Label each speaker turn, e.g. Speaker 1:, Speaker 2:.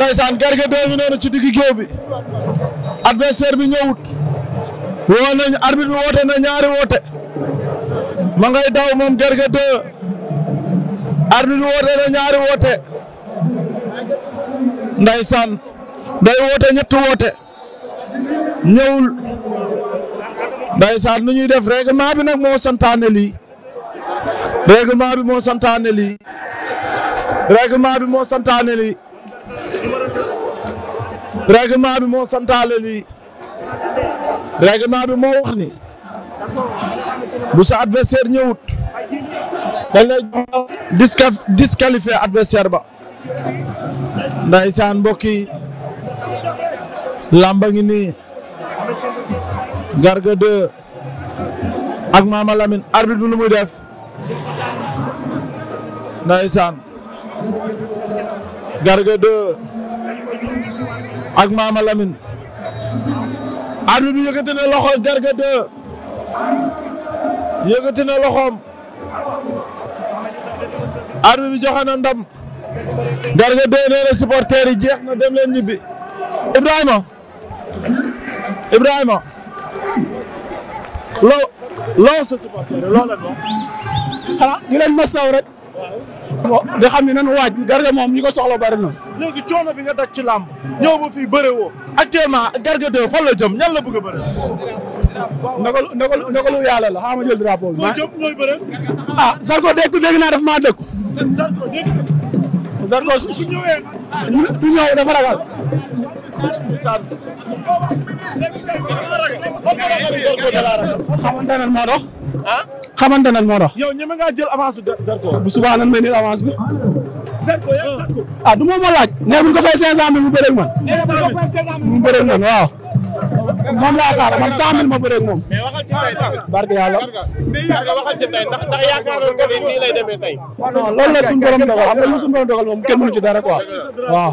Speaker 1: ndaysaan Garga 2 ngi noonu ci digg géew bi adversaire bi ñëwut woo nañ arbitre bi woote na ñaari woote ma ngay daw moom Garga 2 arbitre bi woote na ñaari woote ndaysaan day woote ñetti woote ñëwul ndaysaan nu ñuy def règlement bi nag moo santaane lii règlement bi bi moo santaane lii règlement bi moo santaale lii règlement bi moo wax bu sa adversaire ñëwut dañ lay disqual disqualifier adversaire ba ndaysaan mbokk yi lamba ngi nii Garga 2 ak Mama Lamine arbitre bi lu muy def ndaysaan Garga 2 ak Mama Lamine arbitre bi yëkkati na loxo Garga 2 yëkkati na loxoom arbitre bi joxe na ndam Garga 2 nee na supporter jeex na dem leen ñibbi Ibrahima Ibrahima loo loo sa supporter loo leen wax xanaa da xam ne nan waaj Garga moom ñi ko soxla bari na. léegi coono bi nga daj ci làmb ñëw ba fii bëre woo actuellement Garga 2 fan la jëm ñan la bëgg a bëre. naka naka naka lu yàlla la xaaral ma jël drapeau bi. foo jëm ñooy bëre. ah Zarko dégg dégg naa daf maa dëkk. Zarko dégg ñëwee. du ñëw dafa ragal. léegi Garga dafa ragal. moo dox. xamante nañ moo tax. yow ñeme ngaa jël avance bu subaa nan avance bi. ah du moom ma laaj. nee bu ko fay 500000 mu bëreeg man. mu bëreeg man waaw. moom laa xaar man 100000 ma bëreeg moom. ci tey ndax. barke yàlla. waxal ci ah, la suñu borom moom kenn ci dara quoi. waaw